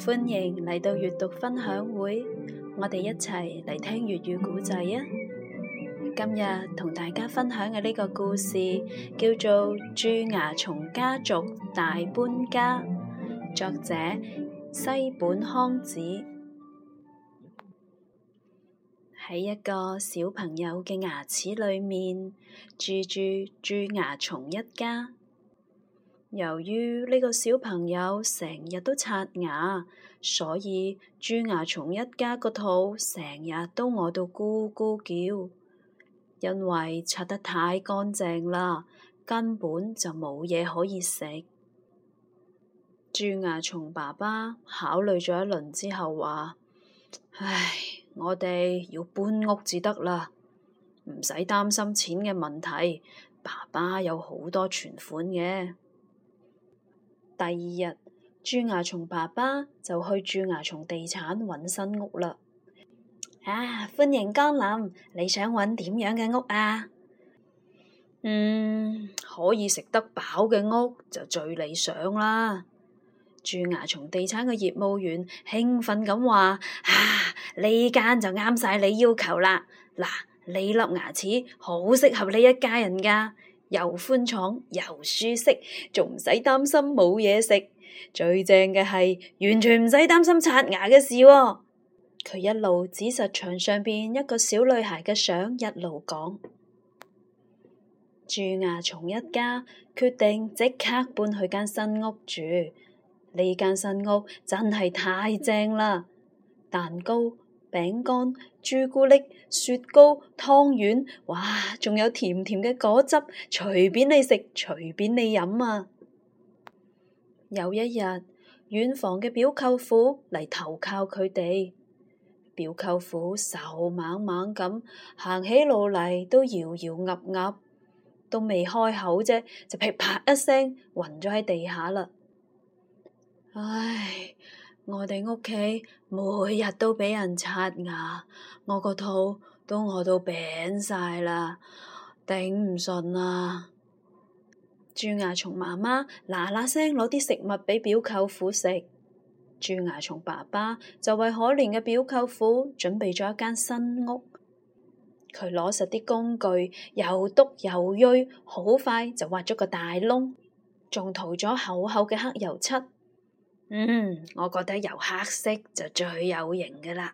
歡迎嚟到閱讀分享會，我哋一齊嚟聽粵語古仔啊！今日同大家分享嘅呢個故事叫做《蛀牙蟲家族大搬家》，作者西本康子。喺一個小朋友嘅牙齒裏面，住住蛀牙蟲一家。由於呢個小朋友成日都刷牙，所以蛀牙蟲一家個肚成日都餓到咕咕叫，因為刷得太乾淨啦，根本就冇嘢可以食。蛀牙蟲爸爸考慮咗一輪之後話：唉，我哋要搬屋至得啦，唔使擔心錢嘅問題。爸爸有好多存款嘅。第二日，蛀牙蟲爸爸就去蛀牙蟲地產揾新屋啦！啊，歡迎光臨！你想揾點樣嘅屋啊？嗯，可以食得飽嘅屋就最理想啦！蛀牙蟲地產嘅業務員興奮咁話：啊，呢間就啱晒你要求啦！嗱，啊，你粒牙齒好適合你一家人噶。又寬敞又舒適，仲唔使擔心冇嘢食。最正嘅係，完全唔使擔心刷牙嘅事喎。佢一路指實牆上邊一個小女孩嘅相，一路講。蛀 牙蟲一家決定即刻搬去間新屋住。呢間 新屋真係太正啦！蛋糕、餅乾、朱古力、雪糕、湯圓，哇！仲有甜甜嘅果汁，隨便你食，隨便你飲啊！有一日，遠房嘅表舅父嚟投靠佢哋，表舅父瘦猛猛咁行起路嚟都搖搖岌岌，都未開口啫，就噼啪啪一聲暈咗喺地下啦！唉。我哋屋企每日都畀人刷牙，我個肚都餓到病晒啦，頂唔順啊！蛀牙蟲媽媽嗱嗱聲攞啲食物畀表舅父食，蛀牙蟲爸爸就為可憐嘅表舅父準備咗一間新屋。佢攞實啲工具，又篤又銳，好快就挖咗個大窿，仲塗咗厚厚嘅黑油漆。嗯，我覺得由黑色就最有型㗎喇。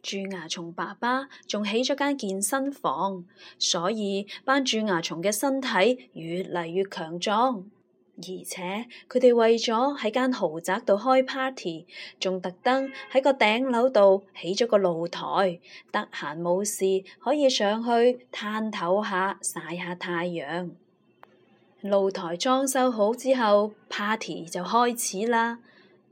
蛀牙蟲爸爸仲起咗間健身房，所以班蛀牙蟲嘅身體越嚟越強壯。而且佢哋為咗喺間豪宅度開 party，仲特登喺個頂樓度起咗個露台，得閒冇事可以上去探頭下，曬下太陽。露台裝修好之後，party 就開始啦！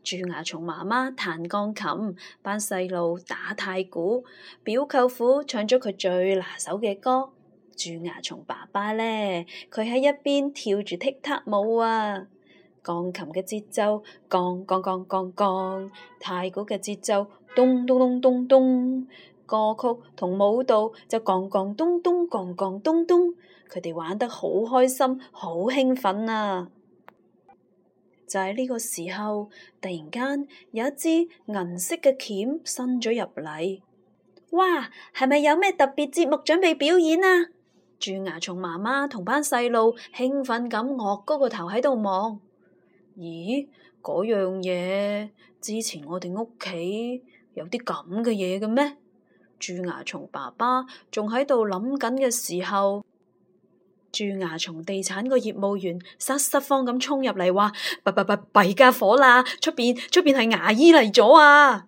蛀牙蟲媽媽彈鋼琴，班細路打太鼓，表舅父唱咗佢最拿手嘅歌。蛀牙蟲爸爸咧，佢喺一邊跳住踢踏舞啊！鋼琴嘅節奏，鋼鋼鋼鋼鋼；太鼓嘅節奏，咚咚咚咚咚。歌曲同舞蹈就鋼鋼咚咚，鋼鋼咚咚。佢哋玩得好開心，好興奮啊！就喺呢個時候，突然間有一支銀色嘅鉗伸咗入嚟。哇，係咪有咩特別節目準備表演啊？蛀牙蟲媽媽同班細路興奮咁，岳高個頭喺度望。咦，嗰樣嘢之前我哋屋企有啲咁嘅嘢嘅咩？蛀牙蟲爸爸仲喺度諗緊嘅時候。蛀牙蟲地產個業務員失失慌咁衝入嚟，話：，弊，弊，弊，弊家火啦！出邊出邊係牙醫嚟咗啊！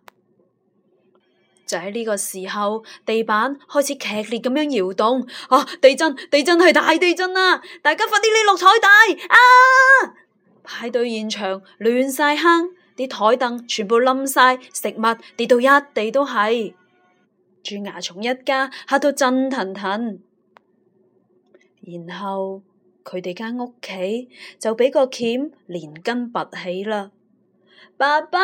就喺呢個時候，地板開始劇烈咁樣搖動，啊！地震，地震係大地震啊！大家快啲匿落台底啊！派對現場亂晒坑，啲台凳全部冧晒，食物跌到一地都係。蛀牙蟲一家吓到震騰騰。然後佢哋間屋企就畀個鉗連根拔起啦！爸爸，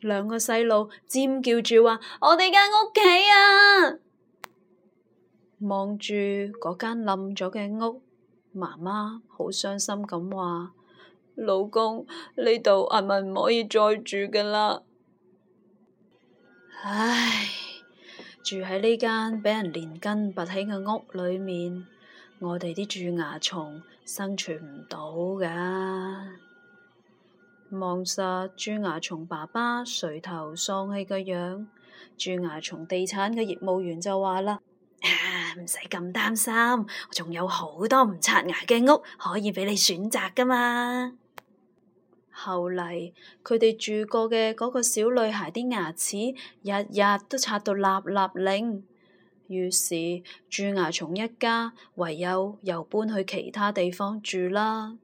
兩個細路尖叫住話：我哋間屋企啊！望住嗰間冧咗嘅屋，媽媽好傷心咁話：老公，呢度係咪唔可以再住噶啦？唉，住喺呢間畀人連根拔起嘅屋裏面。我哋啲蛀牙蟲生存唔到噶，望實蛀牙蟲爸爸垂頭喪氣嘅樣，蛀牙蟲地產嘅業務員就話啦：唉，唔使咁擔心，我仲有好多唔刷牙嘅屋可以畀你選擇噶嘛。後嚟佢哋住過嘅嗰個小女孩啲牙齒日日都刷到立立令。於是，蛀牙蟲一家唯有又搬去其他地方住啦。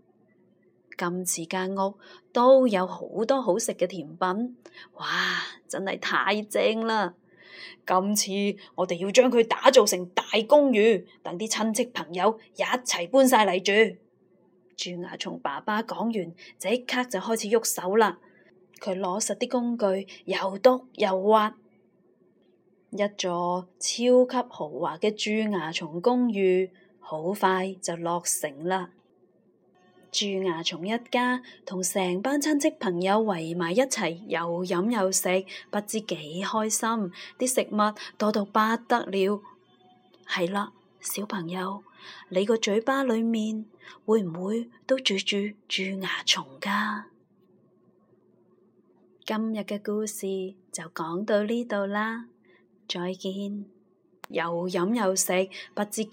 今次間屋，屋都有好多好食嘅甜品，哇，真係太正啦！今次我哋要將佢打造成大公寓，等啲親戚朋友一齊搬晒嚟住。蛀牙蟲爸爸講完，即刻就開始喐手啦。佢攞實啲工具，又篤又挖。一座超級豪華嘅蛀牙蟲公寓，好快就落成啦。蛀牙蟲一家同成班親戚朋友圍埋一齊，又飲又食，不知幾開心。啲食物多到不得了。係啦，小朋友，你個嘴巴裏面會唔會都住住蛀牙蟲㗎？今日嘅故事就講到呢度啦。再見。又飲又食，不知幾。